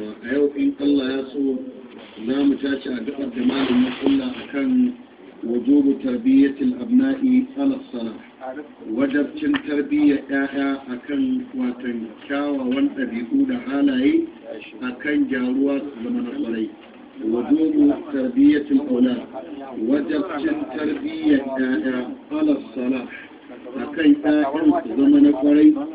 ba a yau in Allah ya so za mu tashi a gabar da malam ya kulla akan wujubu tarbiyyatil abna'i ala sala wajabcin tarbiyyar ya'ya kan watan kyawawan ɗabi'u da halaye a akan gyaruwa zama na ƙwarai. kwarai tarbiyyar تربية الأولاد وجبت a kan الصلاح su zama na ƙwarai.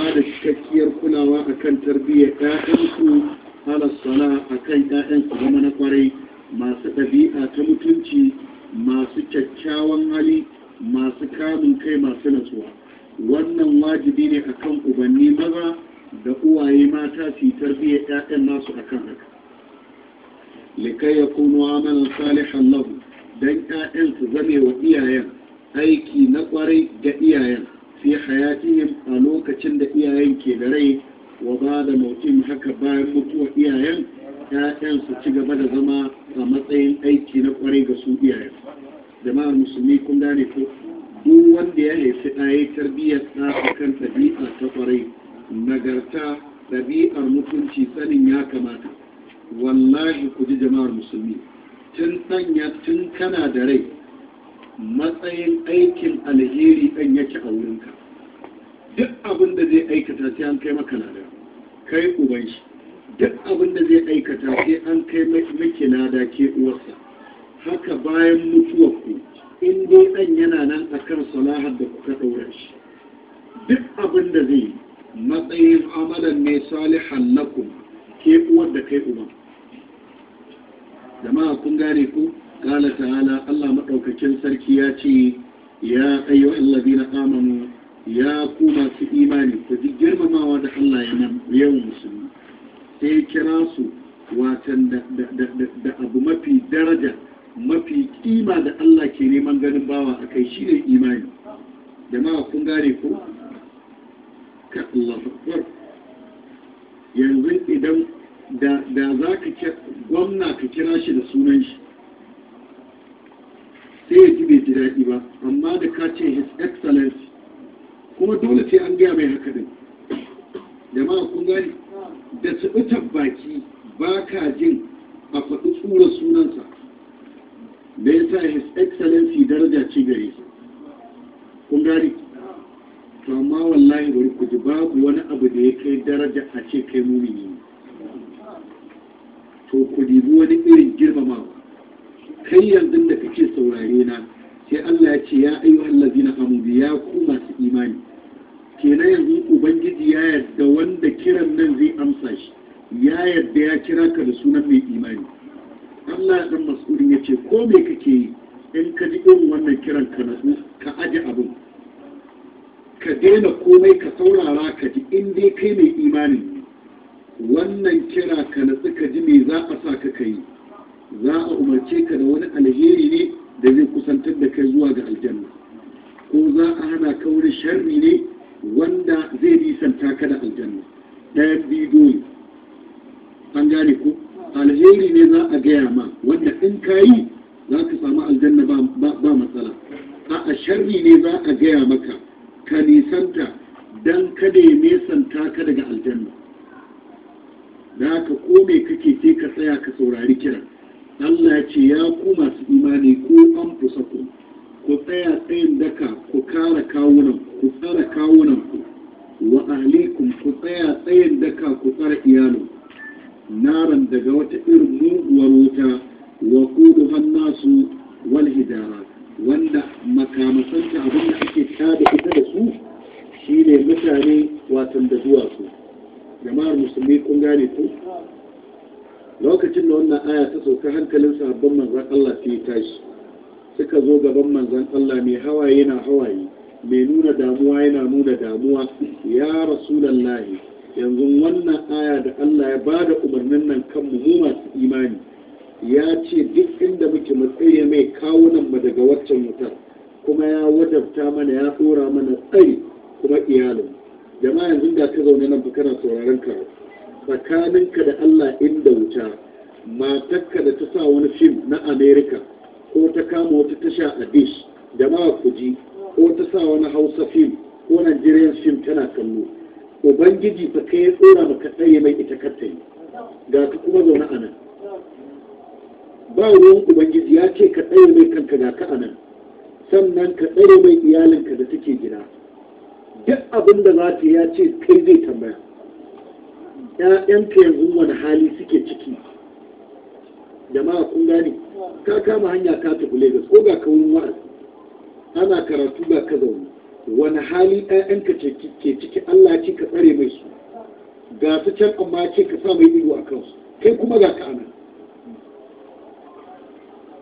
ba da cikakkiyar kulawa kan tarbiyyar ‘ya'yanku halasala a kan ‘ya'yanku zama na kwarai masu ɗabi'a ta mutunci masu kyakkyawan hali masu kamun kai masu natsuwa wannan wajibi ne a kan ubanni maza da uwaye mata su yi tarbiyyar ‘ya'yan nasu kan haka likai ya kuno amalan salihan lahu don ‘ya'yan su zame wa iyayen aiki na ƙwarai ga iyayen fi hayatihim a lokacin da iyayen ke da rai wa ba da mautim haka bayan mutuwa iyayen ‘ya'yan su ci gaba da zama a matsayin aiki na kwarai ga su iyayen jama'ar musulmi kun gane ko duk wanda ya haifi ɗaya tarbiyyar ɗa kan ɗabi'a ta kwarai nagarta ɗabi'ar mutunci sanin ya kamata wallahi ku ji jama'ar musulmi tun ɗanya tun kana da rai matsayin aikin alheri ɗan yake a wurinka duk abin da zai aikata sai an kai maka lada kai uban shi duk abin da zai aikata sai an kai maki lada ke uwarsa haka bayan mutuwar ku in dai ɗan yana nan a kan salahar da kuka ɗaura shi duk abin da zai matsayin amalan ne salihan lakum ke uwar da kai uban jama'a kun gane ku قال تعالى Allah maɗaukacin sarki ya ce أيها الذين آمنوا يا قوما في إيماني تذكر ما وعد الله ينام يوم مسلم سي كراسو واتن دا, دا, دا, دا, دا أبو مفي mafi kima da Allah ke neman ganin bawa a kai shi imani jama'a kun gane ko ka Allah akbar yanzu idan da da zaka ka gwamna ka kira shi da sunan shi daɗi ba amma da ka ce his excellence kuma dole sai an gaya mai haka din jama'a kun gani da tsibitar baki ba ka jin a faɗi tsura sunansa da ya sa his excellence daraja ce gare sa kun gani to amma wallahi bari ku ji babu wani abu da ya kai daraja a ce kai muni ne to ku dibi wani irin girmamawa kai yanzu da kake saurare na sai Allah ya ce ya ayyuhal na amanu ya ku masu imani kenan yanzu ubangiji ya yarda wanda kiran nan zai amsa shi ya yarda ya kira ka da sunan mai imani Allah ya dan mas'ulin ya ce ko me kake yi in ka ji irin wannan kiran ka natsu ka aje abin ka daina komai ka saurara ka ji in dai kai mai imani wannan kira ka natsu ka ji me za a sa ka kai za a umarce ka da wani alheri ne da zai kusantar da kai zuwa ga aljanna ko za a hana ka wani sharri ne wanda zai nisanta ka da aljanna ɗaya biyu dole an gane ko alheri ne za a gaya ma wanda in ka yi za ka samu aljanna ba matsala a sharri ne za a gaya maka ka nisanta don kada ya nisanta ka daga aljanna da haka ko mai kake ce ka tsaya ka saurari kiran Allah ya ce ya ku masu imani ko an fusa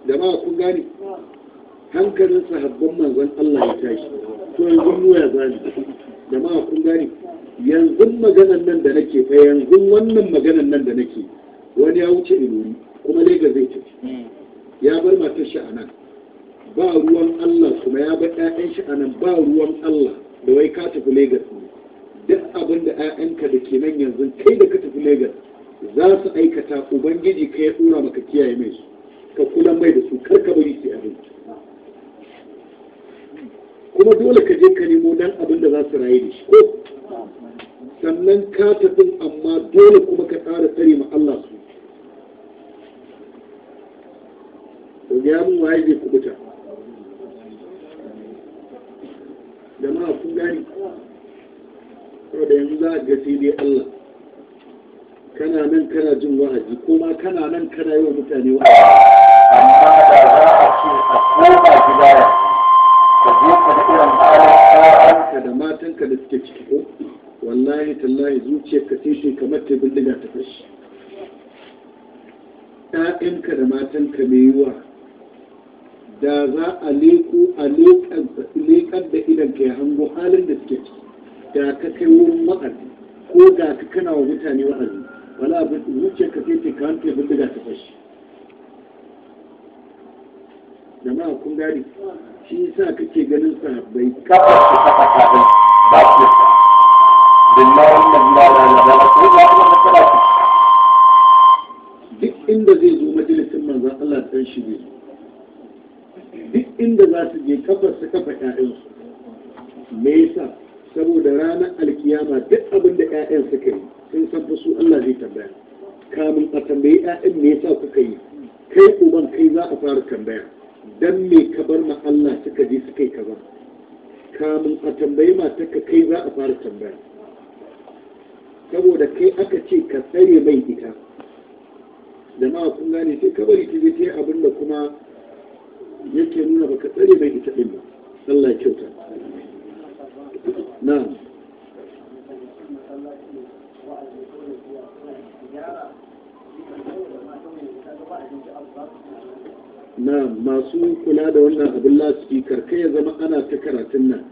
Da ba kun gane hankalin sahabban manzon Allah ya tashi to yanzu mu ya zani ma kun gane yanzu maganan nan da nake fa yanzu wannan maganan nan da nake wani ya wuce ilori kuma Legas zai tafi ya bar matar shi a nan ba ruwan Allah kuma ya bar ƴaƴan shi a nan ba ruwan Allah da wai ka tafi Legas duk abin da ƴaƴanka da ke nan yanzu kai da ka tafi Legas za su aikata ubangiji kai ya dora maka kiyaye mai su ka kula mai da su kar ka bari su abin kuma dole ka je ka nemo dan abin da za su rayu da shi ko sannan ka tafi amma dole kuma ka tsara tare ma Allah su ya mun waye zai kubuta jama'a sun gani da yanzu za a ga sai dai Allah kana nan kana jin wahaji, kuma ma kana nan kana yi wa mutane wa'azi amma da za a ce a koma gidaya ka je ka da irin ka da matanka da suke ciki ko wallahi tallahi ka sai sai kamar ta bindiga ta fashi ɗa'yanka da matanka mai yiwa da za a leƙo a leƙar da idan ka ya hango halin da suke ciki da ka kai wurin wa'azi ko da ka kana wa mutane wa'azi wani abin zuciyar ka sai ka hanke bindiga ta fashi Da ma kun gari shi yasa kake ganin sa bai kafa su kafa kafin ba su yasa dinna wannan ba na na ba su ba su na kala duk inda zai zo majalisin manzon Allah san shi ne duk inda za su je kafa su kafa ƴaƴansu me yasa saboda ranar alkiyama duk abin da 'ya'yan suka yi sun san fa Allah zai tambaya Kamun a tambayi 'ya'yan me yasa kuka yi kai uban kai za a fara tambaya dan me ka bar ma Allah suka je suka yi kaza Kamun a tambayi matarka kai za a fara tambaya saboda kai aka ce ka tsare mai ita jama'a kun gane sai ka bari ki je abin da kuma yake nuna baka tsare mai ita din ba Allah kyauta na masu kula da wannan abin laspikar kai ya zama ana ta karatun nan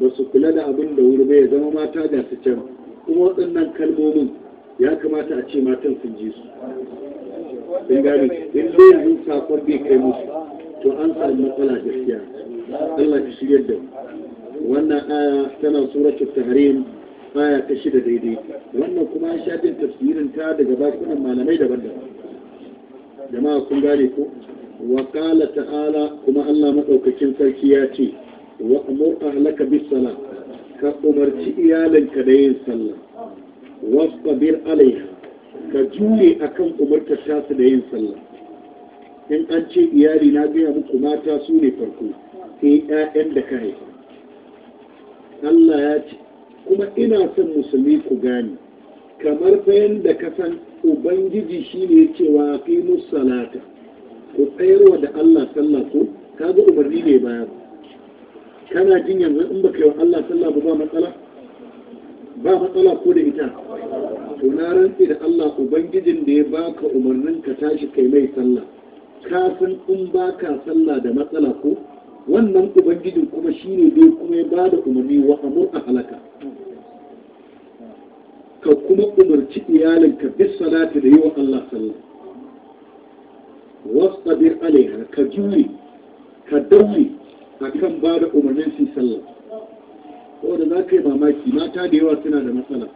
ba su kula da abin da wuri ba ya zama mata ga su can kuma waɗannan kalmomin ya kamata a ce matan sun ji su in gani in yanzu sakon bai kai musu to an sami matsala gaskiya Allah ya shirya da mu wannan aya tana suratul tahrim aya ta shida daidai wannan kuma an sha bin tafsirin ta daga bakunan malamai daban-daban jama'a kun gane ko wa qala ta'ala kuma Allah madaukakin sarki ya ce wa amur ahlaka bis sala ka umarci iyalanka da yin sallah wasbir alaiha ka jure akan umartar tasu da yin sallah in an ce iyali na gaya muku mata su ne farko sai 'ya'yan da ka haifa Allah ya ce kuma ina son musulmi ku gane kamar fa yanda ka san ubangiji shine cewa wa aqimus ku tsayarwa da Allah sallah ko kaga umarni ne bayar kana jin yanzu in baka yi Allah sallah ba matsala ba matsala ko da ita to na rantsi da Allah ubangijin da ya baka umarnin ka tashi kai mai sallah kafin in baka sallah da matsala ko wannan ubangijin kuma shine dai kuma ya da umarni wa amur a halaka ka kuma umarci iyalinka bis salati da yi wa Allah sallah wasabir alaiha ka juri ka dauri akan bada umarnin su sallah saboda za ka yi mamaki mata da yawa suna da matsala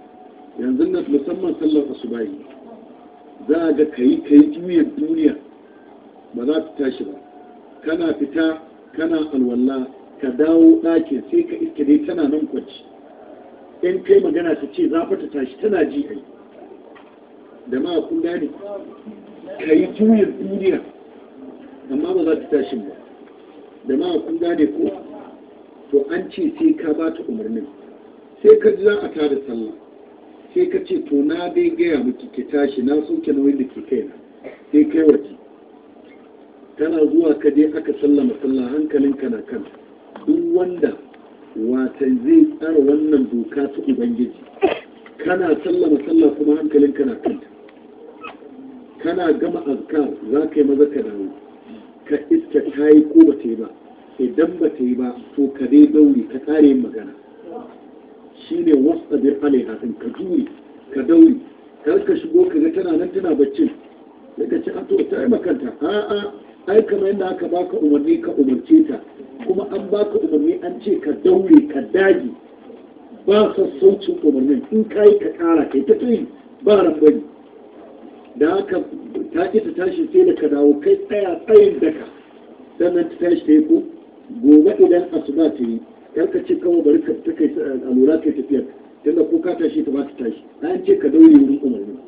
yanzu na musamman sallar asubahi za ga kayi kayi juyar duniya ba za ta tashi ba kana fita kana alwala ka dawo ɗakin sai ka iske dai tana nan kwanci in kai magana ta ce za ta tashi tana ji ai da ma kun gane ka yi juyar duniya amma ba za ta tashi ba da ma kun gane ko to an ce sai ka ba ta umarnin sai ka ji za a tada sallah sai ka ce to na dai gaya miki ki tashi na soke nauyin da ke kaina sai kai waje tana zuwa ka dai aka sallama sallah hankalin na kan duk wanda wata zai tsara wannan doka ta ubangiji kana sallama sallah kuma ka na kan kana gama azkar za ka yi maza ka dawo ka iska ta yi ko ba ta yi ba idan ba ta yi ba to ka dai daure ka tsare yin magana Shi ne wasta bir alaiha ka jure ka daure kar ka shigo ka ga tana nan tana baccin daga ci a to ta yi makanta a'a ai kamar yadda aka baka umarni ka umarce ta kuma an baka umarni an ce ka daure ka dage ba sassaucin umarnin in ka yi ka kara kai ta tsayi ba ran bari da aka ta ki ta tashi sai da ka dawo kai tsaya tsayin daka sannan ta tashi ta yi ko gobe idan asuba ta yi kar ka ce kawai bari ka ta kai alura yi tafiya tunda ko ka tashi ta ba ta tashi an ce ka daure wurin umarni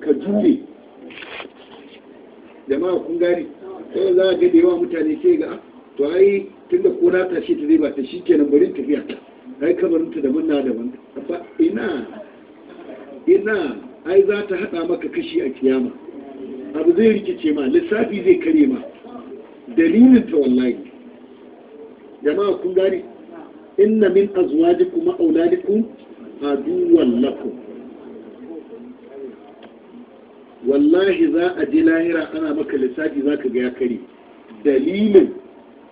ka jure jama'a kun gari sai za a ga da yawa mutane sai ga ah, to ai tunda ko na tashi ta zai ba ta shi shikenan bari tafiya ai kabarin ta daban na daban ba ina ina ai za ta hada maka kashi a kiyama abu zai rikice ma lissafi zai kare ma dalilin ta wallahi jama'a kun gari inna min azwajikum wa auladikum aduwwan lakum wallahi za a je lahira ana maka lissafi za ka ga ya kari dalilin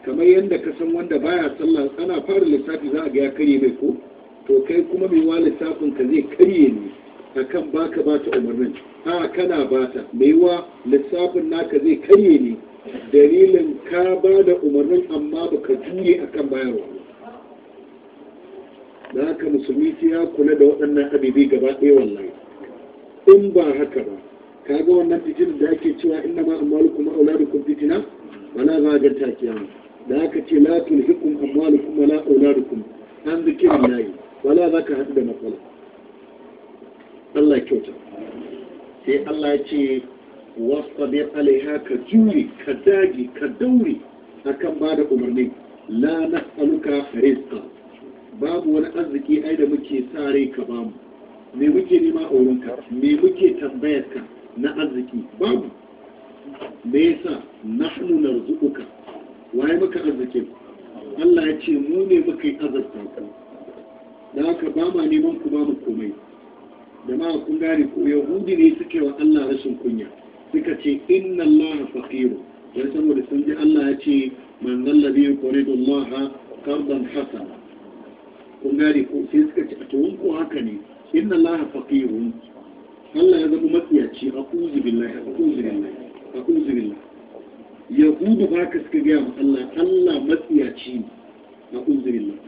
kamar yadda ka san wanda baya sallah ana fara lissafi za a ga ya kare mai ko to kai kuma mai wa lissafin ka zai karye ne akan baka bata umarnin a kana bata mai wa lissafin naka zai karye ne dalilin ka ba da umarnin amma baka a akan bayarwa da haka musulmi ya kula da waɗannan abubuwa gaba ɗaya wallahi in ba haka ba kaga wannan fitinar da ake cewa inna ma kuma wa kun fitina wala zaganta kiyama da aka ce la kuma na wala kun an zikirillahi wala ka haɗu da matsala Allah kyauta sai Allah ya ce abin alaiha ka juri ka dage ka daure akan ba da umarni la nas'aluka rizqa babu wani arziki ai da muke sa rai ka bamu me muke nema a wurinka me muke tambayar ka na arziki babu me yasa nahnu narzuquka waye maka arzikin Allah ya ce mu ne muka yi azarta ku da haka ba ma neman ku ba mu komai da ma kun gane ko yahudi ne suke wa Allah rashin kunya suka ce inna Allah faqiru dan saboda sun ji Allah ya ce man zallabi yuridu Allah qardan hasana kun gane ko sai suka ce to ko haka ne inna Allah faqirun Allah ya zama matsiyaci a kuzu billahi yahudu ba ka suka gaya wa Allah Allah matsiyaci ne a kuzu billahi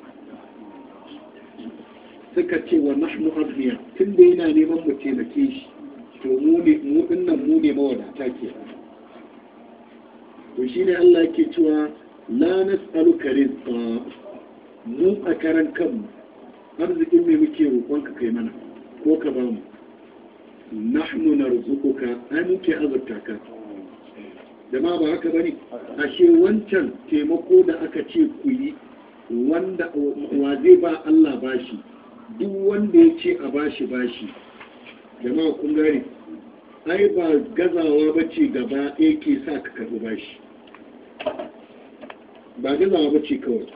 suka ce wa nahnu abniya tun da yana neman mu taimake shi to mu ne mu dinnan mu ne mawadata ke to shine Allah ke cewa la nas'aluka rizqa mu a karan kanmu arzikin me muke roƙon ka kai mana ko ka ba mu nahnu narzuquka ai muke azurta ka jama'a ba haka bane ashe wancan taimako da aka ce ku yi wanda wa zai ba Allah bashi duk wanda ya ce a bashi bashi jama'a kun gane ai ba gazawa ba ce gaba ɗaya ke sa ka karɓi bashi ba gazawa ba ce kawai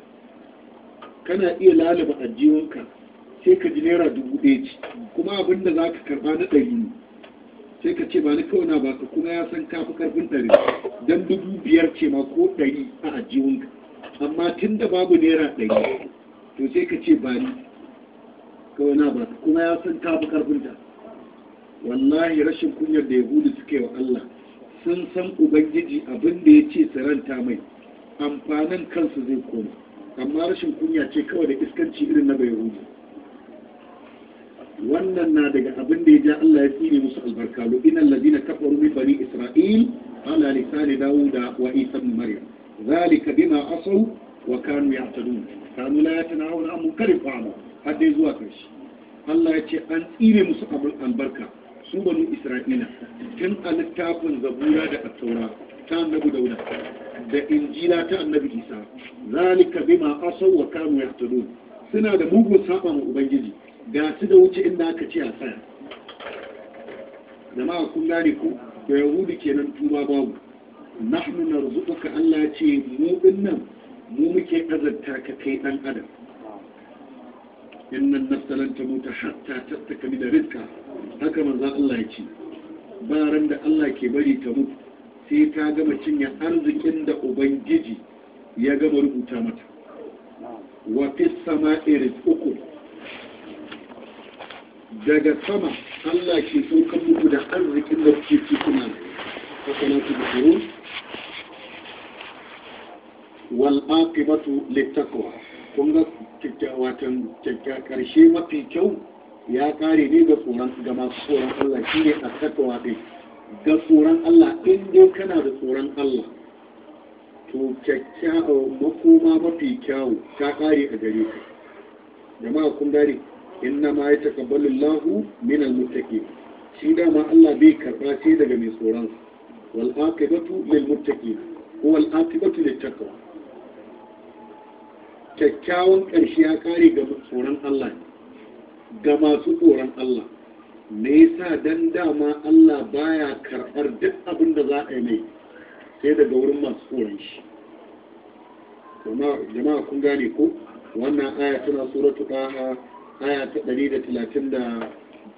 kana iya lalaba ajiyonka sai ka ji naira dubu ɗaya ce kuma abin da za ka karɓa na ɗari ne sai ka ce ba ni kawai na baka kuma ya san kafi karfin ɗari don dubu biyar ce ma ko ɗari a ajiyunka amma tun da babu naira ɗari to sai ka ce ba ni kawai na baka kuma ya san kafi karfin ta wallahi rashin kunyar da yahudu suke wa Allah sun san ubangiji abin da ya ce saranta mai amfanin kansu zai koma amma rashin kunya ce kawai da iskanci irin na bai hudu wannan na daga abin da ya ja Allah ya tsire musu albarka lu innal ladina kafaru bi bani isra'il ala lisani dauda wa isa ibn maryam zalika bima asaw wa kanu ya'tadun kanu la yatanawun an munkarin fa'ala har dai zuwa karshe Allah ya ce an tsire musu albarka su banu isra'ila tun a littafin zabura da attaura ta annabi dauda da injila ta annabi isa zalika bima asaw wa kanu ya'tadun suna da mugun saba ma ubangiji ga su da wuce inda aka ce a tsaya a kun ne ku da yahudu kenan tuba babu zuɓa ka Allah ce mu nan mu muke ƙazarta ka kai ɗan adam nan na lan tamuta hatta kami da rizqa haka manzo Allah ya ce ba ran da Allah ke bari ta mutu sai ta gama cinye arzikin da ubangiji ya gama rubuta mata wa sama irin uku. daga sama Allah ke saukar muku da arzikin da kuke cikin kuna da tsoro wal aqibatu littaqwa kun ga watan karshe mafi kyau ya kare ne ga tsoron ga masu tsoron Allah shine a takawa din ga tsoron Allah in dai kana da tsoron Allah to kyakkyawa makoma mafi kyawu ta kare a gare ka jama'a kun dare inna ma ya takabbalu Allahu min al-muttaqin shi ma Allah bai karba shi daga mai tsoron wal aqibatu lil muttaqin ko wal aqibatu lit taqwa kyakkyawan ƙarshe ya kare ga tsoron Allah ga masu tsoron Allah me yasa dan dama Allah baya karɓar duk abin da za a yi mai sai daga wurin masu tsoron shi jama'a kun gane ko wannan aya tana suratu ɗaha aya ta ɗari da talatin da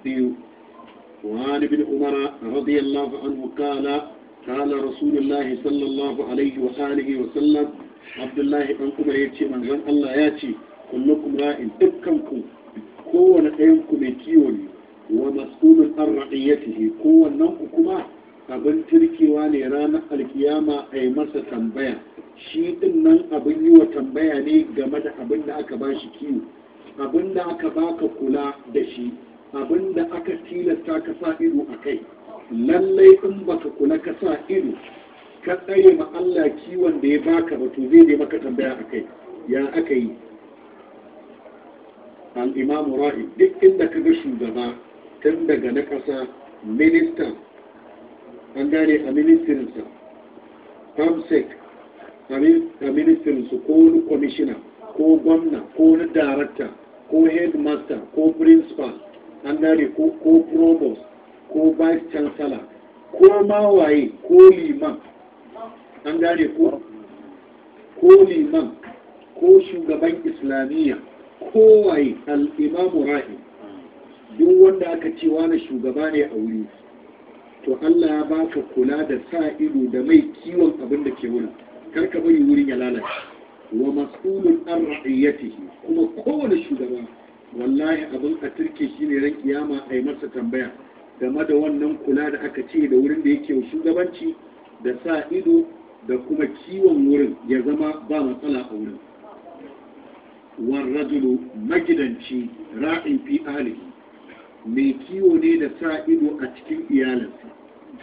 biyu wani bin umara radiyallahu anhu kala kala rasulullahi sallallahu alaihi wa alihi abdullahi ɗan ya ce manzon allah ya ce kullukum ra'in dukkanku kowane ɗayanku mai kiwo ne wa mas'ulun an ra'iyatihi kowannen ku kuma abin tirkewa ne ranar alkiyama a yi masa tambaya shi din nan abin yiwa tambaya ne game da abin da aka ba shi kiwo abin da aka baka kula da shi abin da aka tilasta ka sa ido a kai lallai in baka kula ka sa ido ka tsaye ma Allah kiwon da ya baka ba to zai maka tambaya a kai ya aka yi al'imamu rahim duk inda ka ga shugaba tun daga na ƙasa minista an gane a ministirinsa famsec a ministirinsu ko wani kwamishina ko gwamna ko wani darakta ko headmaster ko principal an dare ko provost ko vice chancellor ko mawaye ko liman an dare ko ko liman ko shugaban islamiyya ko waye al'imamu rahi duk wanda aka ce wani shugaba ne a wuri to Allah ya baka kula da sa ido da mai kiwon abin da ke wuri, kar ka bari wurin ya lalace wa mas'ulun رعيته كما kuma kowane shugaba wallahi abin a turke shi ne ran kiyama a yi masa tambaya game da wannan kula da aka ce da wurin da yake shugabanci da sa ido da kuma kiwon wurin ya zama ba matsala a wurin rajulu magidanci ra'in fi alihi mai kiwo ne da sa ido a cikin iyalinsa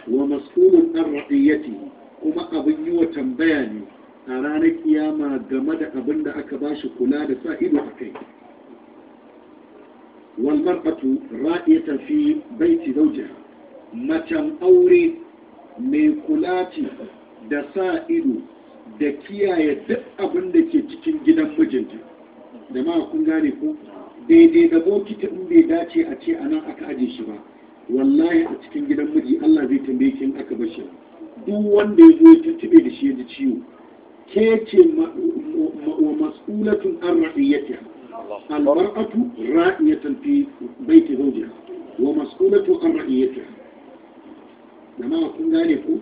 wa mas'ulun an ra'iyatihi kuma abin yi wa tambaya ne a ranar kiyama game da abin da aka ba shi kula da sa ido a kai walmar'atu ra'iyata fi baiti zaujiha macen aure mai kula ce da sa ido da kiyaye duk abin da ke cikin gidan mijinta da ma kun gane ko daidai da bokiti in bai dace a ce anan aka aje shi ba wallahi a cikin gidan miji Allah zai tambaye kin aka bar shi duk wanda ya zo ya da shi ya ji ciwo ke ce wa mas'ulatun an ra'iyyatiha almar'atu ra'iyatan fi baiti zawjiha wa mas'ulatu an ra'iyyatiha jama'a kun gane ku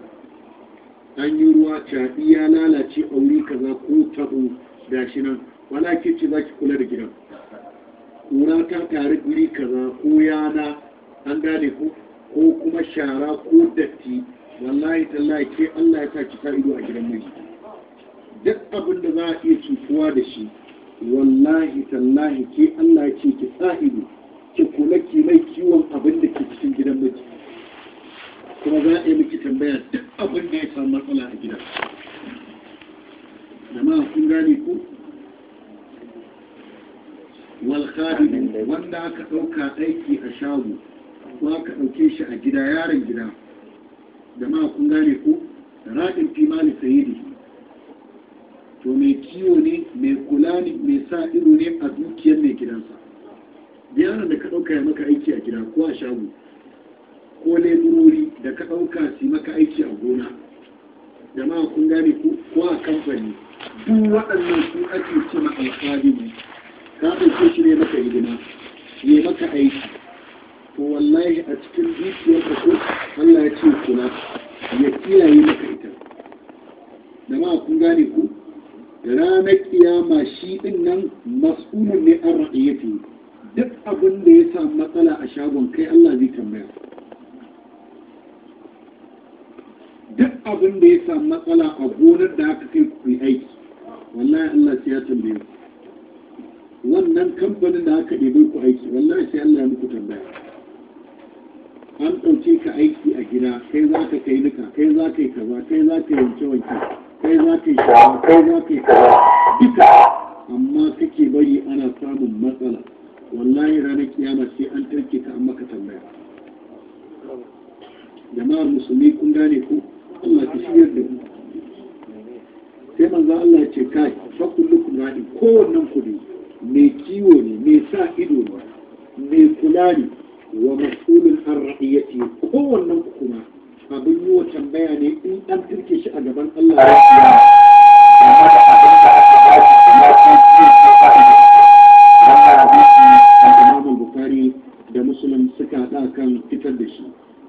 an yi ruwa caɗi ya lalace aure kaza ko tabo gashi nan wala ke ce zaki kula da gidan kura ta tare guri kaza ko yana an gane ku ko kuma shara ko datti wallahi tallahi ke Allah ya sa ki ido a gidan miji duk abin da za a iya cutuwa da shi wallahi tallahi ke Allah ce ki sahibi ki kula ki mai kiwon abin da ke cikin gidan miji kuma za a yi miki tambaya duk abin da ya samu matsala a gidan jama'a kun gane ku wal wanda aka ɗauka aiki a shago ko aka ɗauke shi a gida yaron gida Da ma kun gane ku ra'in fi mali sayidi to mai kiyo ne mai kula ne mai sa ido ne a dukiyar mai gidansa Biyanar da ka ɗauka ya maka aiki a gida ko a shago ko leburori da ka ɗauka su maka aiki a gona jama'a kun gane ko a kamfani duk waɗannan su ake ce ma alfahari ne ka ɗauke shi ne maka hidima ne maka aiki to wallahi a cikin dukiyar ka ko Allah ya ce kula ya kiyaye maka ita jama'a kun gane ku ranar kiyama shi din nan mas'ulun ne an ra'iyyati duk abin da ya samu matsala a shagon kai Allah zai tambaya duk abin da ya samu matsala a gonar da aka kai ku aiki wallahi Allah sai ya tambaya wannan kamfanin da aka ɗebe ku aiki wallahi sai Allah ya muku tambaya an ɗauke ka aiki a gida kai za ka kai nika kai za ka yi kaza kai za ka yi wanke wanke kai za ki yi za ki kaza duka amma kake bari ana samun matsala wallahi ranar kiyama sai an tarke ta amma ka tambaya jama'ar musulmi kun gane ku Allah ta shirya da ku sai manzo Allah ya ce kai fa kullukum ra'i kowannan ku mai kiwo ne mai sa ido ne mai kula ne wa mas'ulun an ra'iyyati kowannen ku kuma abin yi wa tambaya ne in an turke shi a gaban Allah ya Imam Bukhari da Musulun suka haɗa kan fitar da shi.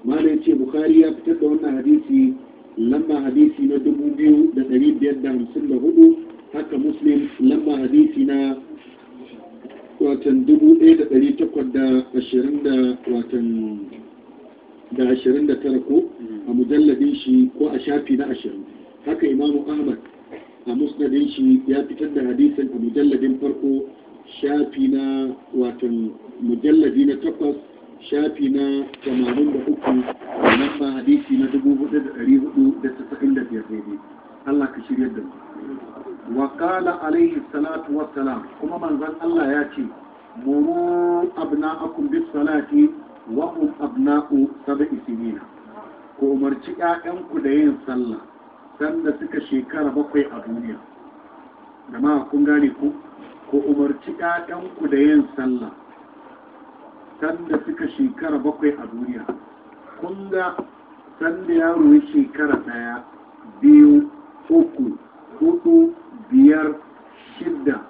Malam ce Bukhari ya fitar da wannan hadisi lamba hadisi na dubu biyu da biyar da hamsin da hudu haka muslim lamba hadisi na watan dubu ɗaya da da ashirin da watan da ashirin da tara ko mm. a mujalladin shi ko a shafi na ashirin haka imamu ahmad a musnadin shi ya fitar da hadisin a mujalladin farko shafi na watan mujalladi na takwas shafi na 83 da lamba hadisi na dubu da da da biyar daidai Allah ka shirya da mu wa qala alaihi salatu wassalam kuma manzon Allah ya ce muru abna'akum bis salati wahum abna'u sab'i sinina ku umarci 'ya'yanku da yin sallah sanda suka shekara bakwai a duniya ma kun gane ku ko umarci ƴaƴanku da yin sallah sanda suka shekara bakwai a duniya kun ga sanda yaro ya shekara ɗaya biyu uku hudu biyar shidda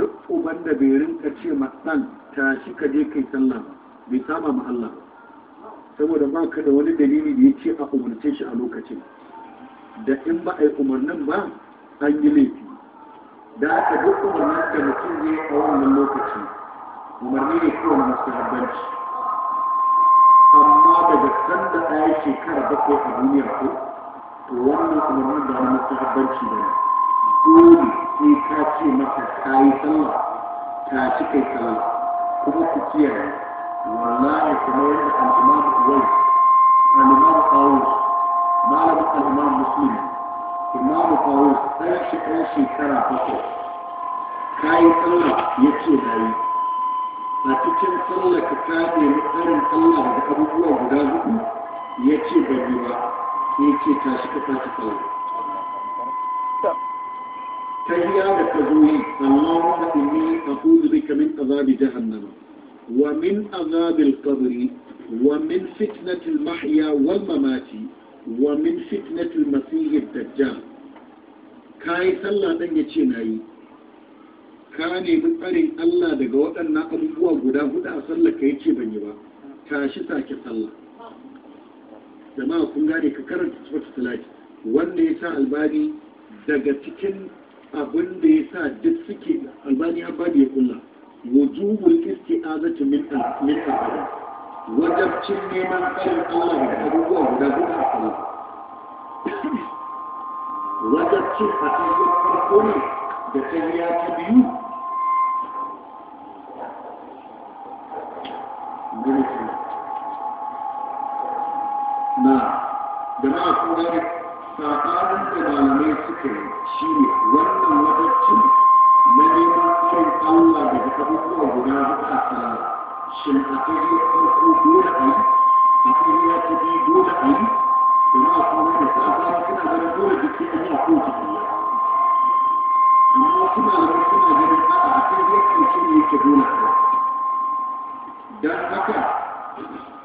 duk uban da bai rinka ce matsan tashi ka je kai sallah ba bai saba ma Allah saboda ba ka da wani dalili da ya ce a umarce shi a lokacin da in ba a yi umarnin ba an yi laifi da aka duk umarnin da mutum zai a wannan lokaci umarni ne kawai na habbanci amma daga san da yi shekara bakwai a duniya ko to wannan umarnin da na habbanci ba dole sai ka ce masa ka yi sallah ta ci kai sallah kuma ku kiyaye ولا كمان الإمام أويس الإمام طاووس معلم الإمام مسلم إمام طاووس أي شيء أي شيء ترى فقط كاي الله يكي هاي a cikin sallar ka ta nemi tsarin Allah da abubuwa guda hudu ya ce ba ba ya ce ta shi ka ta sallar تهيا لتزوي اللهم إني أعوذ بك من عذاب جهنم ومن عذاب القبر ومن فتنة المحيا والممات ومن فتنة المسيح الدجال كاي صلى دن يتي ناي ka nemi tsarin Allah daga waɗannan abubuwa guda hudu a sallar ka yace ban yi ba tashi sake sallah jama'a kun gane ka karanta sifatu salati wanda ya sa albani daga cikin abin da ya sa duk suke albani ya bani ya kulla wujubul isti'azati min min al-adam wajabcin neman tsarin Allah da abubuwa guda guda a kai wajabcin a cikin farko ne da kariya ta biyu na jama'a kuma sabanin da wannan wajabcin na neman son Allah daga abubuwa guda huɗu a sallah shin akwai ya farko dole a yi akwai ya ta biyu dole a yi jama'a kuma da ta zama suna ganin dole da ke an yi a kowace sallah amma wasu malamai suna ganin a'a akwai ya ƙarshe ne yake dole a yi don haka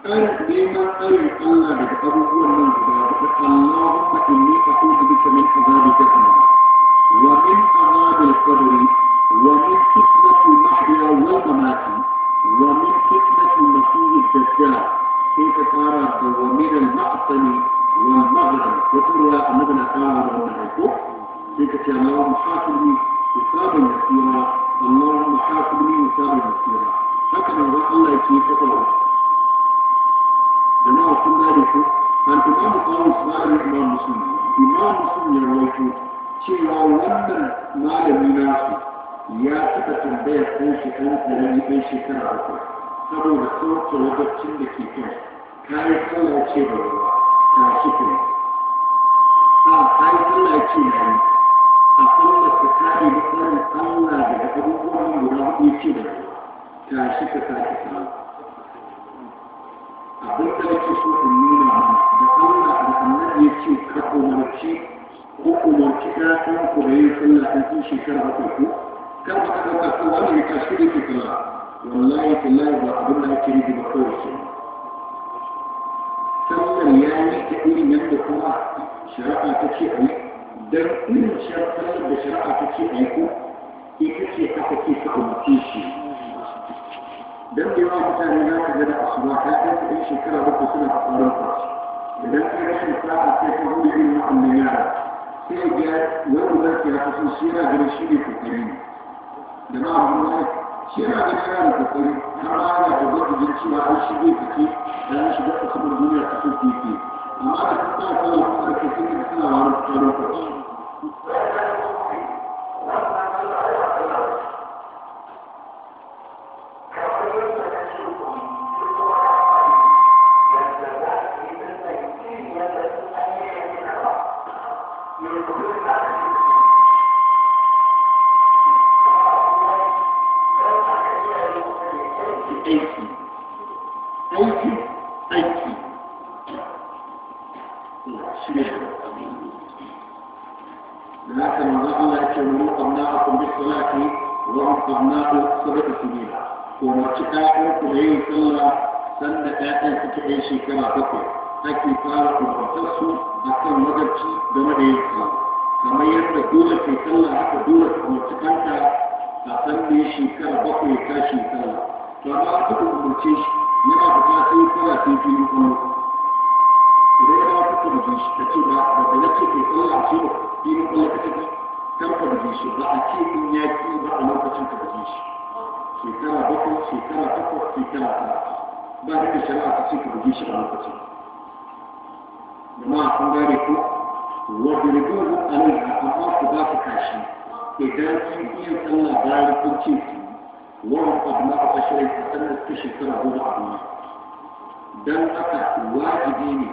ƙarin neman tsarin Allah daga abubuwan nan guda huɗu Allahumma inni a'udhu bika min azabi jahannam ومن أراد القبر ومن فتنة المحيا والممات ومن فتنة المسيح الدجال كيف ترى ومن المعصم والمغرب وترى أننا ترى ونعرفه كيف ترى اللهم حافظني وصاب المسيرة اللهم حافظني وصاب المسيرة حكم الله يكفي تطلع أنا أقول ذلك أنت ما مقاوم صغير الإمام مسلم الإمام مسلم يرويته cewa wannan malami nasu ya taɓa tambaya ko shi ɗan ƙarami ɗan shekara uku saboda sauke wajabcin da ke kan kayi sallah ce ba, ruwa ta shi kuma a kayi sallah ce na yi a sallah ka kare da tsarin allah daga abubuwan guda hudu ce ba, ruwa ta shi ka sake sallah abin da nake so in nuna da allah da annabi ya ce ka umarci ko ku bincika kan ku da yin sallah an ci shekara bakwai ku kan ku ka ɗauka ko wani mai kashi da ke kula wallahi tallahi ba abin da ake rigi ba kawai ce sallar ya yi ta irin yadda kuma shari'a ta ce a yi dan irin shari'a da shari'a ta ce a yi ko ita ce aka ce ta umarci shi dan da yawa mutane za ka ga a asuba ta ɗauka ɗan shekara da bakwai suna tsaron kwaci idan ka rashin sa'a sai ka gudu irin waɗannan yara sai ga wanda zai kira su shi yana ganin shi ne kokari ne da ma abu ne shi yana ganin yana da kokari har ma yana da gwada jin cewa an shi zai da an shiga kasuwar duniya ta sun fiye amma da kuma kuma da kuma da kuma da kuma da kuma da kuma kuma haka manzon Allah ya ce mu amna akum bi salati wa amna ku mu ci ɗayan ku da yin sallah sanda ɗayan suke yin shekara bakwai ake fara kumbatar su a kan madarci game da yin kamar yadda dole ke sallah haka dole ka umarci ɗanka a san ya shekara bakwai ya tashi sallah to amma aka umarce shi yana buƙatar sallah sai biyu kuma. ka buge shi ka ce ba da na ce kai sallah ce ba bi mun Allah ka tafi kar ka buge shi ba a ce in ya ki ba a lokacin ka buge shi shekara bakwai shekara takwas shekara tara ba da ka shari'a ka ce ka buge shi a lokacin jama'a kun gane ko wadribuhu alaiha amma ku ba ku kashi idan sun iya sallah bayan kun ce su wani abu na ashirin a sannan suke shekara goma a duniya don haka wajibi ne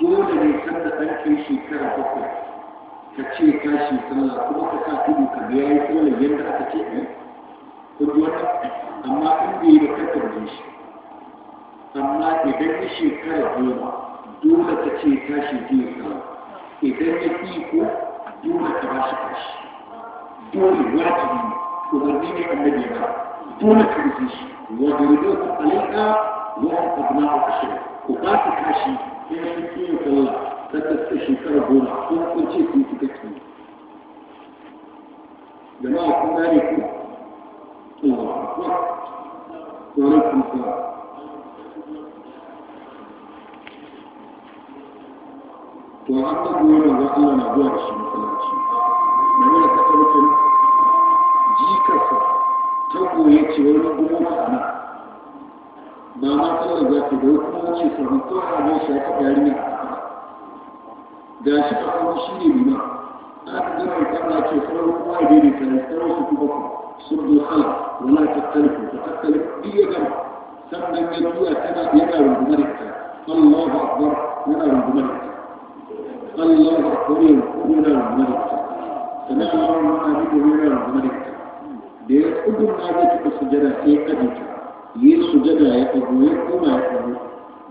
dole ne kan da ɗan kai shekara bakwai ka ce ka shi sallah kuma ka sa tudu ka ga yayi sallah yadda aka ce ɗin ko wata amma in bai yi da kanka da shi amma idan ya shekara goma dole ka ce ka shi biyu sallah idan ya fi ko dole ka ba shi kashi dole wajibi ne umarni ne an ya ba dole ka rufe shi wa dole ku alika wa abna'u ashir ku ba su kashi ya yi yin sallah ta tattata shekara goma kuma kun ce kun fi kake jama'a kun gane ku Allah akbar wa alaikum salam to an ta goyi manzo Allah na zuwa shi masallaci manzo da ka ɗauke jikarsa ta goye ce wani gumo a nan ba ma kawai za ta da kuma ce sabon kawai abin shi yarinya ga shi a kuma shi ne lima a ta gama kama ce sauran kuma ya daidai ta ne su kuma ku sun bi hala wala ta talifu ta ta talifu ya gama sannan ya juya tana yana rungumar da ta Allahu Akbar yana da ta Allahu yana da ta sannan Allah ma na rungumar da ta da ya tsudun na zai taɓa sujada sai ya kaje ta ये सुजग है तो ये क्यों है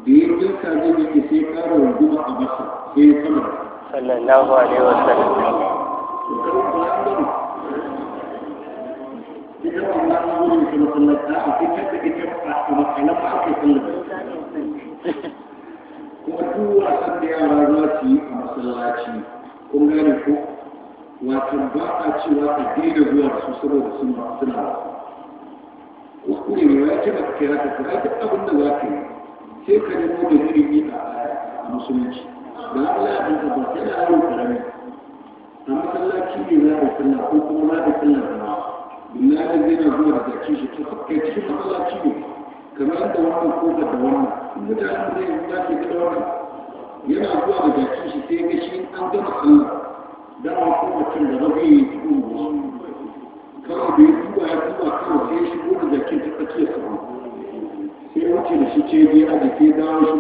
دينجل كذي بكسي كار ودم أبسط في سنة صلى الله عليه وسلم kowa san da yara za su yi a masallaci kun gane ko wato ba a cewa a daina zuwa su saboda suna suna kuskure ya ce aka kira ka kira ka abin da za ka yi sai ka nemo da ilimi a musulunci da Allah ya ɗauka ba sai da yaro karami a masallaci ne za ka sallah ko kuma za ka sallah kuma billahi zai na zuwa da zaki shi ta kai cikin masallaci ne kamar yadda wannan ko da wannan mutane zai yi zaki da wannan yana zuwa da zaki shi sai ga shi an gama sallah dama ko mutum da rabi ya yi cikin wasu kawai da ya duba ya duba kawai sai shi gudu da ta tsakiya sama sai wuce da shi ce bai aji sai dawo shi ana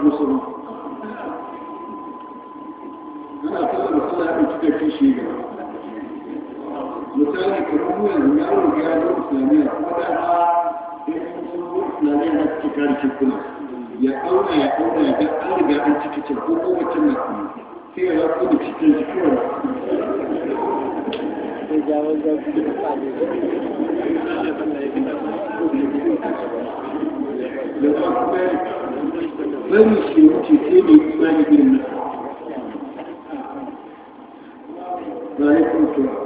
kawai da suna ɗauki da shi ga misali kamar mu yanzu ya rubu ya zo islamiyya kuma da ma in sun zo islamiyya na cikin karikin kuna ya ɗauna ya ɗauna ya ga an riga an ciki ce ko kowace na sai ya zafi da cikin jikin very you.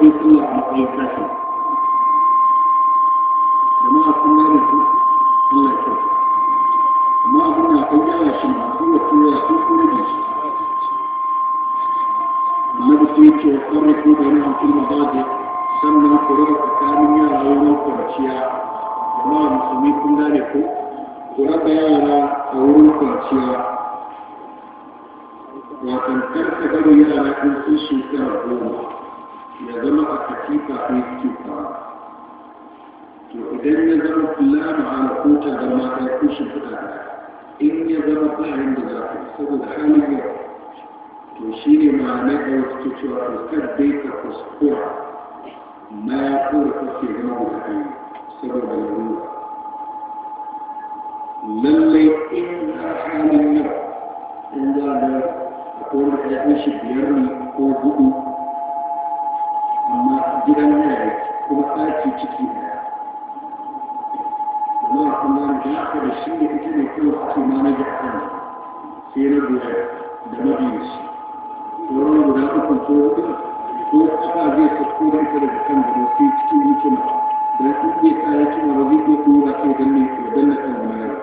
حوادثه وأوقافه كما كنا لكم الله يكرمك ما هنا قيا شما هو قيا كل نجيش النبي تيجي وقرر في بينهم في المضاجع سمنا قرر كامنيا راونا قرشيا وما مسلمين كنا لكم قرر يرى راونا قرشيا وتنكرت بني يا لكم في شيء كرهوه ya zama a hakika ko yake fara to idan ya zama fulani a lokuta da mata ko shi fita in ya zama tsarin da za saboda halin yau to shi ne ma'anar da wasu cewa to kar dai ka kuskura na ya kura kake zama da kai saboda larura lallai in a halin yau in za a da akwai wanda ya shi biyar ne ko hudu amma gidan haya yake kuma ɗaki ciki ɗaya amma kuma da aka da shi ne ita ne kawai ake manaja a kan sai na biyar da mabiyin shi guda uku ko hudu ko kuma zai sako don ka daga kan gaba sai cikin hikima don in bai sa ya ba zai iya ɗora kai don ne ko don na kan wani yau.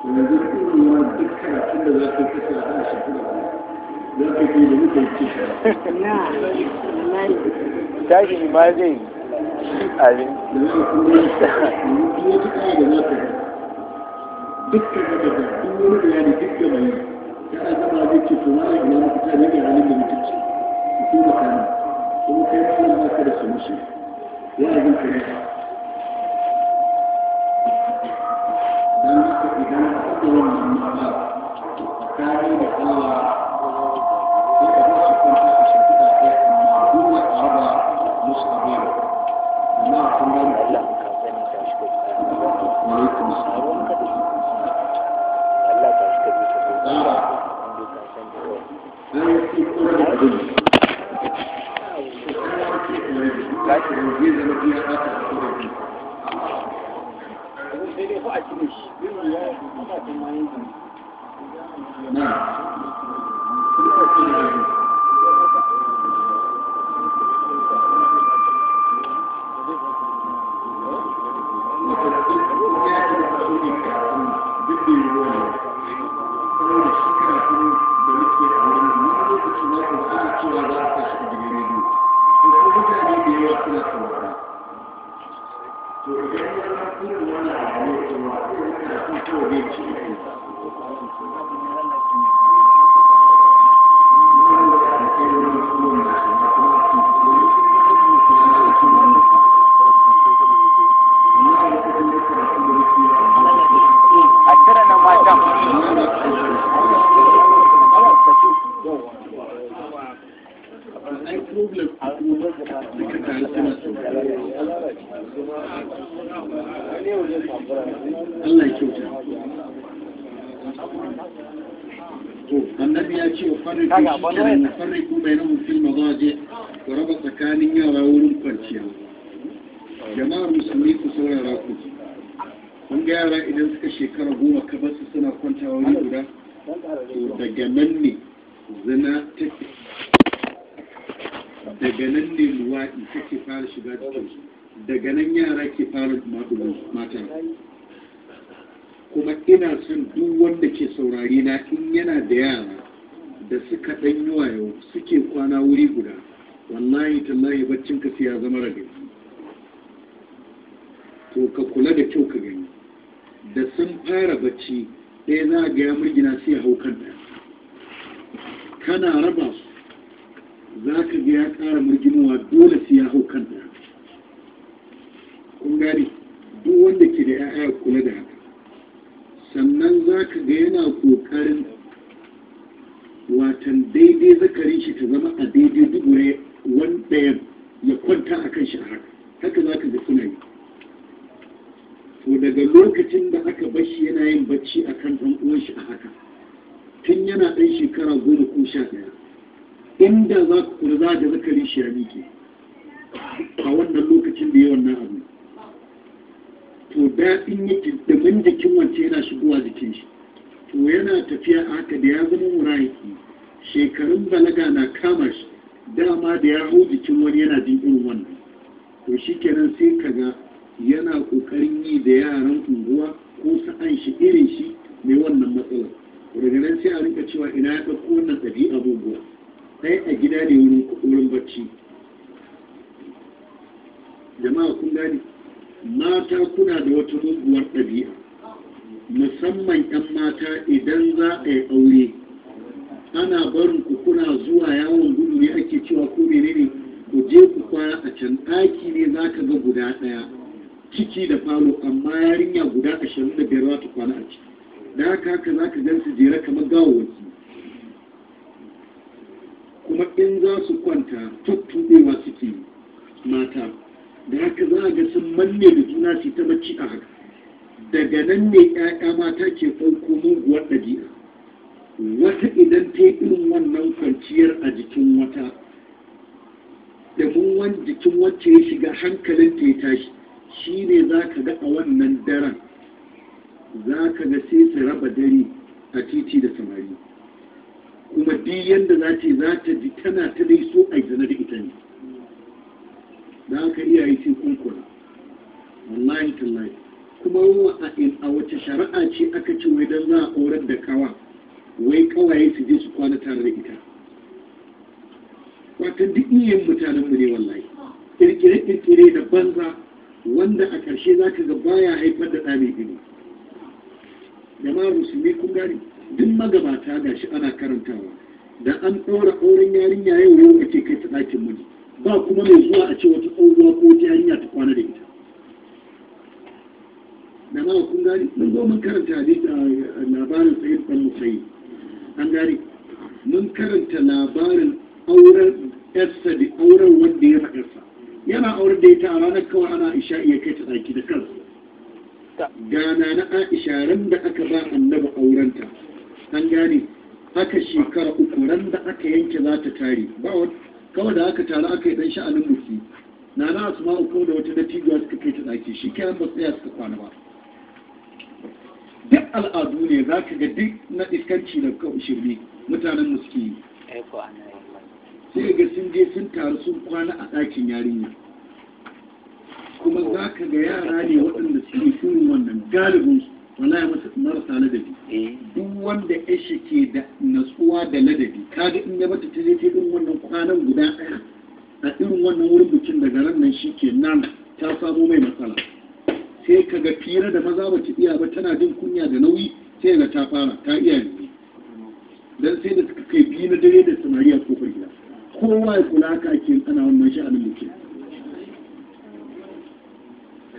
Yanzu kuma duk da za ka kasa a shafi da wani. lokaci da muka ci da da in wani bayani duk zai ce to malam ina muka ta annabi ya ce bai bainahum fil madaji ku raba tsakanin yara wurin kwanciya jama'ar musulmi ku saurara ku kun ga yara idan suka shekara goma ka basu suna kwantawa wuri guda to daga nan ne zina ta daga nan ne luwaɗi take fara shiga cikin daga nan yara ke fara mata kuma ina son duk wanda ke saurari na in yana da yara da suka ɗan yi wayo suke kwana wuri guda wallahi tallahi baccin ka sai ya zama rage to ka kula da kyau ka gani da sun fara bacci ɗaya za a ga ya murgina sai hau kanta. kana raba su za ka ga ya ƙara murginowa dole sai ya hau kanta. ɗaya kun duk wanda ke da 'ya'ya kula da haka sannan za ka ga yana ƙoƙarin watan daidai zakarin shi ta zama a daidai dubure wanda ya kwanta a kan shi a haka haka za ka ga suna yi to daga lokacin da aka bashi yana yin bacci a kan ɗan shi a haka tun yana ɗan shekara goma ko sha ɗaya inda za ku kula za ga zakarin shi a miƙe a wannan lokacin da yawan wannan abu to daɗin yake daban jikin wance yana shigowa jikin shi to yana tafiya a haka da ya zama shekarun balaga na kama shi dama da ya hau jikin wani yana jin irin wannan to shi kenan sai kaga yana ƙoƙarin yi da yaran unguwa ko sa'an shi irin shi mai wannan matsalar daga nan sai a rinka cewa ina ya ɗauko wannan ɗabi abubuwa ɗaya a gida ne wurin barci. jama'a kun gani mata kuna da wata muguwar ɗabi'a musamman 'yan mata idan za a yi aure ana barin ku kuna zuwa yawon gudu ne ake cewa ko menene ku je ku kwana a can ɗaki ne za ka ga guda ɗaya ciki da falo amma yarinya guda ashirin da biyar za ta kwana a ciki da haka haka za ka gansu jera kamar gawawaki kuma in za su kwanta tuttuɓewa suke mata da haka za a ga sun manne da juna su ta bacci a haka daga nan ne 'ya'ya mata ke ɗauko muguwar ɗabi'a wata idan ta yi irin wannan kwanciyar a jikin wata da mun jikin wacce ya shiga hankalin ta ya tashi shi ne za ka ga a wannan daren za ka ga sai su raba dare a titi da samari kuma duk yadda za ta yi za ta ji tana ta dai so a zana da ita ne da aka iya yi kun kunkura wallahi tallahi kuma a wace shari'a ce aka ce wai dan za a aurar da kawa wai kawaye su je su kwana tare da ita wata duk iyayen mutanen mu ne wallahi kirkire-kirkire da banza wanda a ƙarshe za ka ga baya haifar da ɗa mai gini jama'a musulmi kun gari duk magabata ga shi ana karantawa da an ɗora auren yarinya yau yau ake kai ta ɗakin miji ba kuma mai zuwa a ce wata tsohuwa ko wata yarinya ta kwana da ita da ma kun gani mun zo mun karanta labarin sayyid dan musayi an gani mun karanta labarin auren yarsa da auren wanda ya faɗarsa yana auren da ita a ranar kawai ana isha iya kai ta tsaki da kansa gana na aisha ran da aka ba annabi aurenta an gane aka shekara uku ran da aka yanke za ta tare ba wata kawai da aka taru aka yi dan sha'anin musu na na su ma da wata natijuwa suka kai ta ɗaki shi kyan ba tsaya suka kwana ba duk al'adu ne za ka ga duk na iskanci da shirme mutanen mu suke yi eh sai ga sun je sun taru sun kwana a ɗakin yarinya kuma za ka ga yara ne waɗanda suke shirin wannan galibinsu wallahi marasa ladabi eh. duk wanda ya ke da natsuwa da ladabi kaga in ya mata ta je irin wannan kwanan guda ɗaya a irin wannan wurin bikin daga nan nan ke nan ta samo mai matsala sai ka fira da maza ba ta iya ba tana jin kunya da nauyi sai ga ta fara ta iya yanzu dan sai da suka kai biyu na dare da samariya kofar gida kowa ya kula ka ake ana wannan sha'anin bikin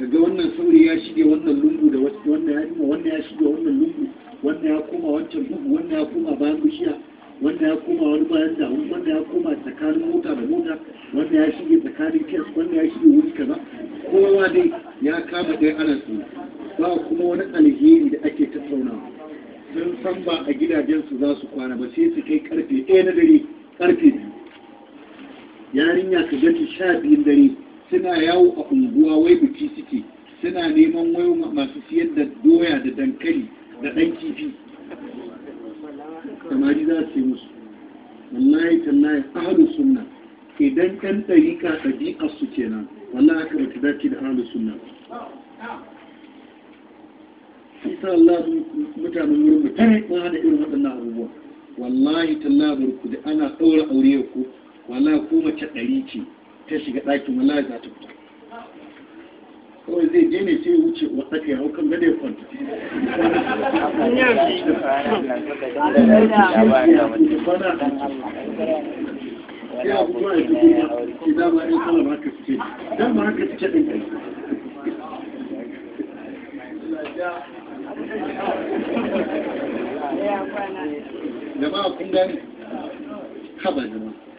kaga wannan sauri ya shige wannan lungu da wasu wannan ya ima wannan ya shige wannan lungu wannan ya koma wancan bugu wannan ya koma bayan bishiya wannan ya koma wani bayan da wannan ya koma tsakanin mota da mota wannan ya shige tsakanin kes wannan ya shige wuri kaza kowa dai ya kama dai ana su ba kuma wani alheri da ake tattaunawa sun san ba a gidajensu za su kwana ba sai su kai karfe ɗaya na dare karfe biyu yarinya ka gaji sha biyun dare suna yawo a unguwa wai biki suke suna neman wayo masu siyar da doya da dankali da ɗan kifi samari za su yi musu wallahi tallahi ahlus sunna idan ɗan ɗariƙa ɗabi'ar su kenan wallahi aka bata dace da ahlus sunna isa Allah mutanen wurin mutane ma hana irin waɗannan abubuwa wallahi tallahi barku da ana ɗaura aure ku wallahi ko mace ɗari ce ta shiga ɗakin wallahi za ta fita kawai zai je ne sai wuce wata kai hau kan gane kwanta ya abu ma ya dubu ma ke dama ɗin kala ma ka fice dama haka fice ɗin kai jama'a kun gani haba jama'a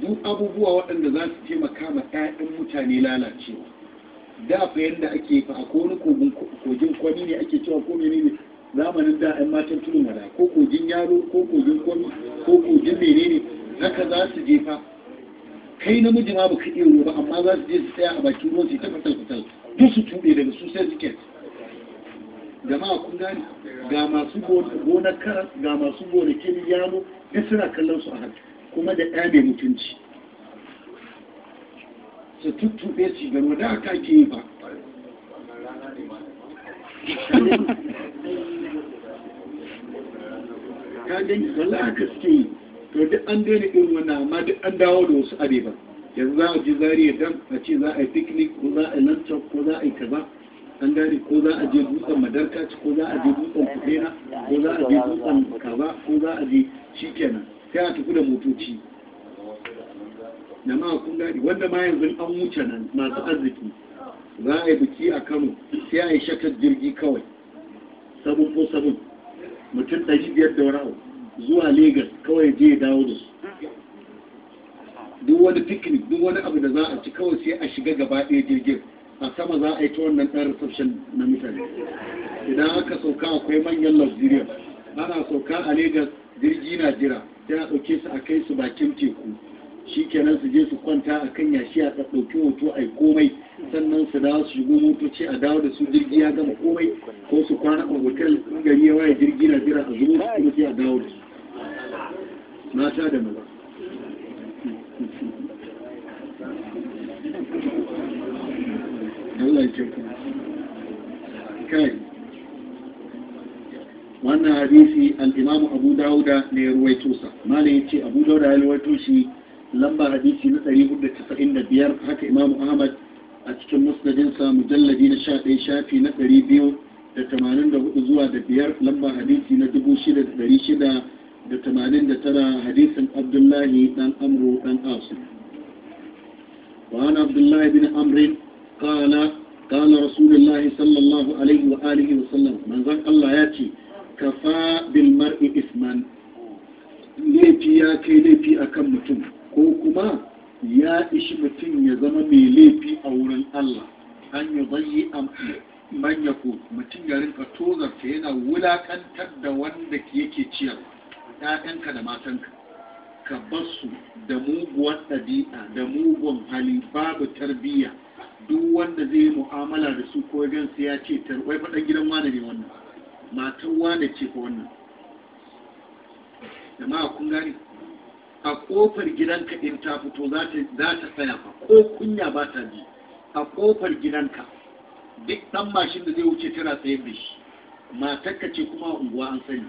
duk abubuwa waɗanda za su taimaka ma 'ya'yan mutane lalacewa da fa yadda ake fa a kone kogin kwani ne ake cewa ko ne zamanin da 'yan matan tunan wada ko kogin yaro ko kogin kwani ko kogin menene haka za su je fa kai namiji ma baka iya ruwa ba amma za su je su tsaya a bakin ruwan su ta fitar fitar duk su tuɗe daga su sai su ket jama'a kun gani ga masu gonar karas ga masu gonakin yano duk suna kallon su a haka kuma da ɗaya mai mutunci su tuttuɓe su gano wadda aka ke yi ba ka gani wala aka suke yi to duk an daina irin wannan amma duk an dawo da wasu abe ba yanzu za a ji zari ya dan a ce za a yi picnic ko za a yi lantar ko za a yi kaza an gane ko za a je dutsen madarkaci ko za a je dutsen kudera ko za a je dutsen kaza ko za a je shi kenan sai tafi da motoci jama'a kun gani wanda ma yanzu an wuce nan masu arziki za a yi biki a kano sai a yi shakar jirgi kawai sabon ko sabon mutum ɗari biyar da wani zuwa Legas kawai je dawo da su duk wani picnic duk wani abu da za a ci kawai sai a shiga gaba ɗaya jirgin a sama za a yi ta wannan ɗan reception na mutane idan aka sauka akwai manyan luxurious ana sauka a Legas jirgi na jira ya a ɗauke su a kai su bakin teku shi kenan su je su kwanta a kan yashi a ɗauki hoto a komai sannan su dawo su shigo motoci a dawo da su jirgi ya gama komai ko su kwana a hotel in gari ya waye jirgi na jira a zubo su kuma sai a dawo da su mata da maza Allah ya kai wannan hadisi al-imam abu dauda ne ya ruwaito sa malam yace abu dauda ya ruwaito shi lamba hadisi na 495 haka imam ahmad a cikin musnadin sa mujalladi na 11 shafi na 284 zuwa da biyar lamba hadisi na 6600 da tamanin da tara hadisin abdullahi dan amru dan Asu. wa an abdullahi bin amrin qala qala rasulullahi sallallahu alaihi wa alihi wa sallam manzon Allah ya ce kafa bil mar'i isman laifi ya kai laifi akan mutum ko kuma ya ishi mutum ya zama mai laifi a wurin Allah an yi bayi manya ko mutum ya rinka tozarta yana wulakantar da wanda yake da ‘ya'yanka da matanka ka basu da muguwan ɗabi'a da mugun hali babu tarbiyya duk wanda zai yi mu'amala da su ko gansu ya ce tarwai faɗan gidan wane ne wannan matan wane ce ko wannan jama'a kun gane a kofar gidanka in ta fito za ta tsaya fa ko kunya ba ta ji a kofar gidanka duk dan mashin da zai wuce tana tsaye da shi matarka ce kuma unguwa an sani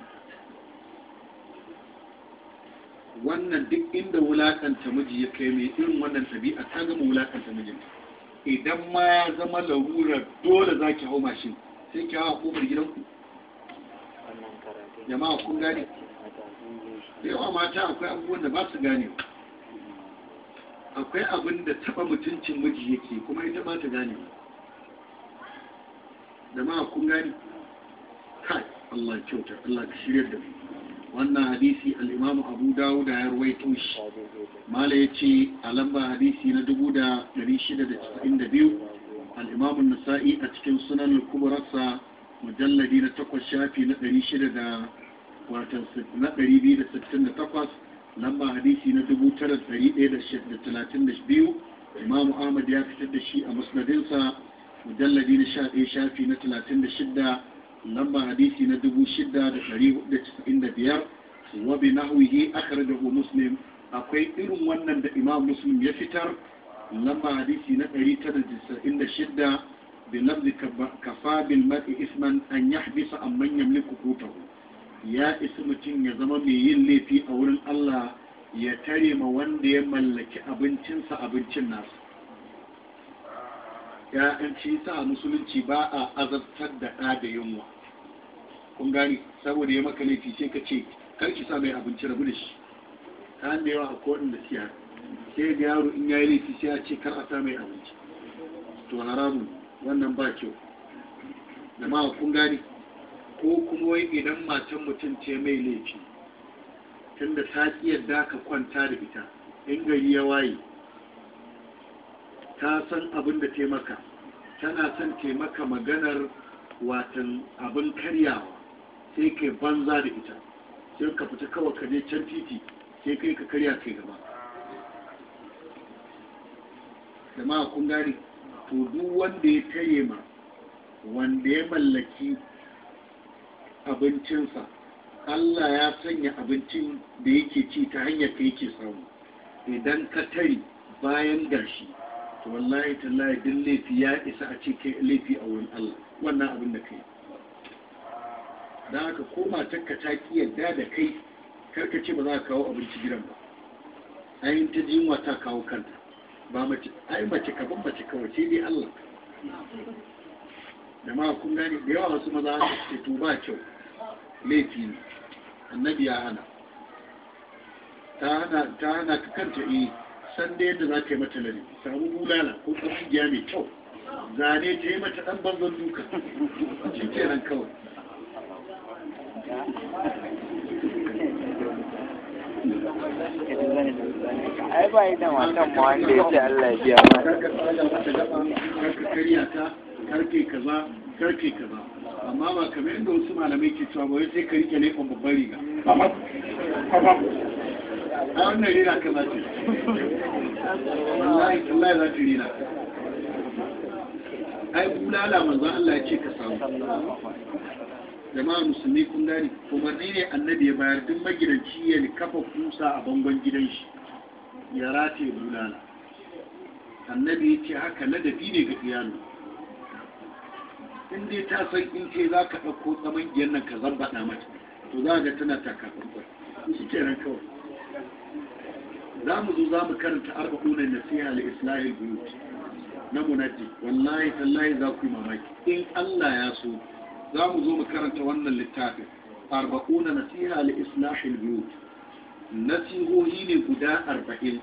wannan duk inda wulakanta miji ya kai mai irin wannan tabi'a ta gama wulakanta mijin idan ma ya zama larurar dole za ki hau mashin sai ki hawa kofar gidanku jama'a kun gane da yawa mata akwai abubuwan da ba su gane akwai abin da taba mutuncin miji yake kuma ita ba ta gane jama'a kun gane kai Allah kyauta Allah ka shirya da wannan hadisi al-Imam Abu Dawud ya rawaito shi mala yace a lamba hadisi na 2692 al-Imam An-Nasa'i a cikin Sunan al-Kubra mujalladi na takwas shafi na ɗari shida da watan na ɗari biyu da sittin da takwas lamba hadisi na dubu tara ɗari ɗaya da talatin da biyu imamu ahmad ya fitar da shi a musnadinsa mujalladi na sha ɗaya shafi na talatin da shida lamba hadisi na dubu shida da ɗari hudu casa'in da biyar wa bi nahwihi akhrajahu muslim akwai irin wannan da imam muslim ya fitar lamba hadisi na ɗari tara da casa'in da shida بلفظ كفى بالمرء إثما أن يحبس عن Ya يملك قوته يا اسمتين يا زمامي يلي في أول الله ya tare ma wanda ya mallaki abincinsa abincin nasu ya ci sa musulunci ba a azabtar da ɗa yunwa kun saboda ya maka laifi sai ka ce kar ki sa mai abinci da shi ta yawa a kowane da siya sai da yaro in ya yi laifi sai ya ce kar a sa abinci to haramun wannan ba kyau ma kun gani ko kuma wai idan matan mutum ce mai laifi tunda ta ki yadda ka kwanta da ita in gari ya waye ta san abin da taimaka tana son taimaka maganar watan abin karyawa sai kai banza da ita sai ka fita kawai ka je can titi sai kai ka karya kai gaba Da ma kun gani. to duk wanda ya taye ma wanda ya mallaki abincinsa Allah ya sanya abincin da yake ci ta hanyar ka yake samu idan ka tare bayan gashi to wallahi tallahi duk laifi ya isa a ce kai laifi a wurin Allah wannan abin da kai da haka ko matarka ta ki yarda da kai karka ce ba za ka kawo abinci gidan ba ayin ta jinwa ta kawo kanta ba mace ai mace kaban mace kawai sai dai Allah da ma kun gani da yawa wasu maza su to ba kyau laifi ne annabi ya hana ta hana ta hana ka kanta eh san da yadda za ka yi mata lalle samu bulala ko tsakiya mai kyau zane ta yi mata dan banzan duka shi kenan kawai ai ba yi da matan ma wanda ya ce Allah ya biya ma karfe kaza karfe kaza amma ba kamar yadda wasu malamai ke cewa ba sai ka rike ne babban riga a wannan rina ka za ta wallahi wallahi za ta rina ai bulala manzon Allah ya ce ka samu jama'a musulmi kun gane umarni ne annabi ya bayar duk magidanci ya kafa kusa a bangon gidan shi ya rate bulala annabi ya ce haka ladabi ne ga iyalu. in dai ta san in ce za ka ɗauko tsaman giyan nan ka zambaɗa mata to za ga tana ta takafantar shi kenan kawai za mu zo za mu karanta arba'una nasiha li islahil buyut na munaddi wallahi tallahi za ku yi mamaki in Allah ya so za mu zo mu karanta wannan littafin arba'una nasiha li islahil buyut nasihohi ne guda arba'in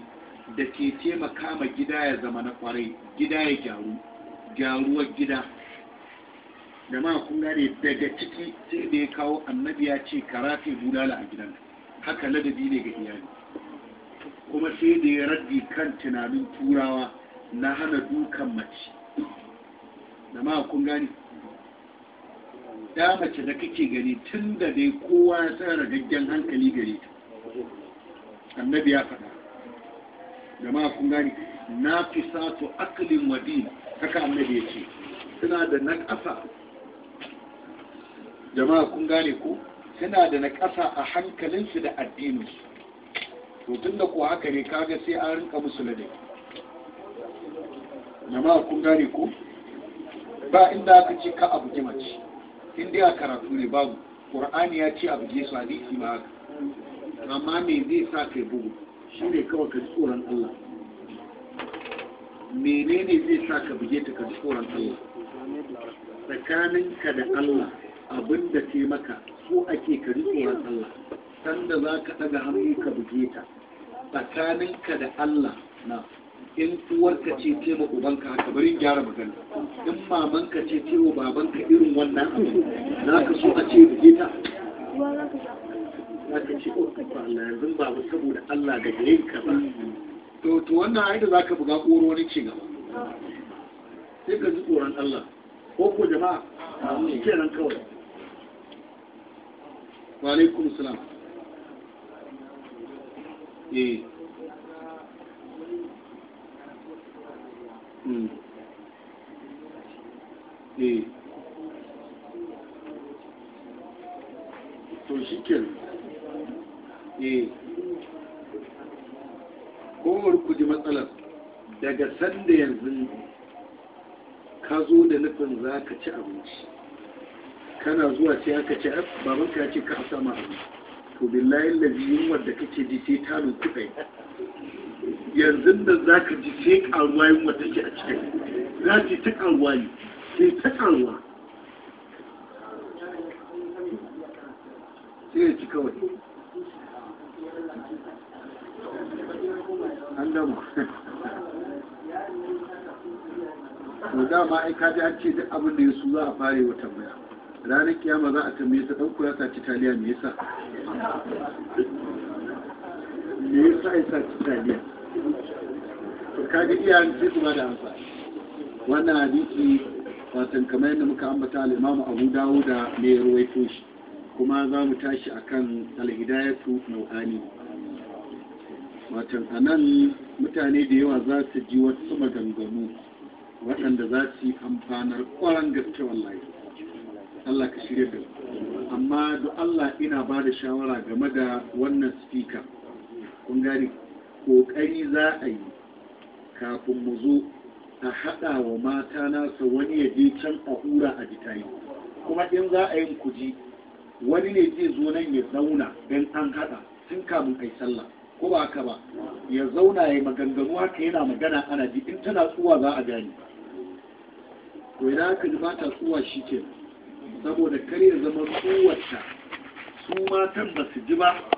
da ke taimaka ma gida ya zama na kwarai gida ya gyaru gyaruwar gida ma kun gane daga ciki sai da ya kawo annabi ya ce karafe bulala a gidan haka ladabi ne ga iyali kuma sai da ya raddi kan tunanin turawa na hana dukan mace Da ma kun gane ya mace da kake gani tun da dai kowa ya san ragaggen hankali gare ta annabi ya faɗa jama'a kun gani na fi sato akalin wadi haka annabi ya ce suna da na ƙasa jama'a kun gane ko suna da na ƙasa a hankalinsu da addininsu to tun da kuwa haka ne kaga sai an rinka musu ladai jama'a kun gane ko ba inda aka ce ka abu mace in dai a karatu ne babu qur'ani ya ce abu su hadisi ba haka amma me zai sa kai bugu shi ne kawai ka ji tsoron Allah menene zai sa ka buge ta ka ji tsoron Allah tsakaninka da Allah abin da ke maka so ake ka ji tsoron Allah sanda za ka ɗaga hannu ka buge ta tsakaninka da Allah na in uwarka ce ce ma ubanka haka bari gyara magana in mamanka ce ce wa babanka irin wannan abu za ka so a ce buge ta za ka ce o Allah yanzu ba mu saboda Allah da gare ka ba to to wannan aida za ka buga ƙoro wani ci gaba sai ka ji tsoron Allah ko ko jama'a shi kenan kawai wa alaikum salam eh Mm. Eh. to shi ke eh. kowar matsalar daga sanda yanzu ka zo da nufin za ka ci abinci kana zuwa ce aka ci babanka ya ce ka sama to billahi lazi yunwar da kake ji ta nuku ɗaya yanzu da za ka ji sai karuwa wata ke a cikin za ji ta karuwa sai ta karuwa sai ya ci kawai an dama to dama ai kaji an ce duk abin da ya su za a fare wa tambaya ranar kiyama za a tambaye ta ɗauko ya sa taliya me yasa me yasa ya sa taliya to kaga iyayen sai su ba da amsa wannan hadisi wato kamar yadda muka ambata al-Imam Abu Dawud da ne ruwaito shi kuma za mu tashi akan al-hidayatu nau'ani watan anan mutane da yawa za su ji wasu maganganu waɗanda za su yi amfanar ƙwaron gaske wallahi Allah ka shirya da amma duk Allah ina ba da shawara game da wannan speaker kun gani ƙoƙari za a yi kafin mu zo a haɗa wa mata nasa wani ya je can a hura a jitayi kuma in za a yin kuji wani ne zai zo nan ya zauna don an haɗa tun kamun kai sallah ko ba haka ba ya zauna ya maganganu haka yana magana ana ji in tana tsuwa za a gani ko idan haka ji mata tsuwa shi ke saboda kar ya zama tsuwarta su matan ba su ji ba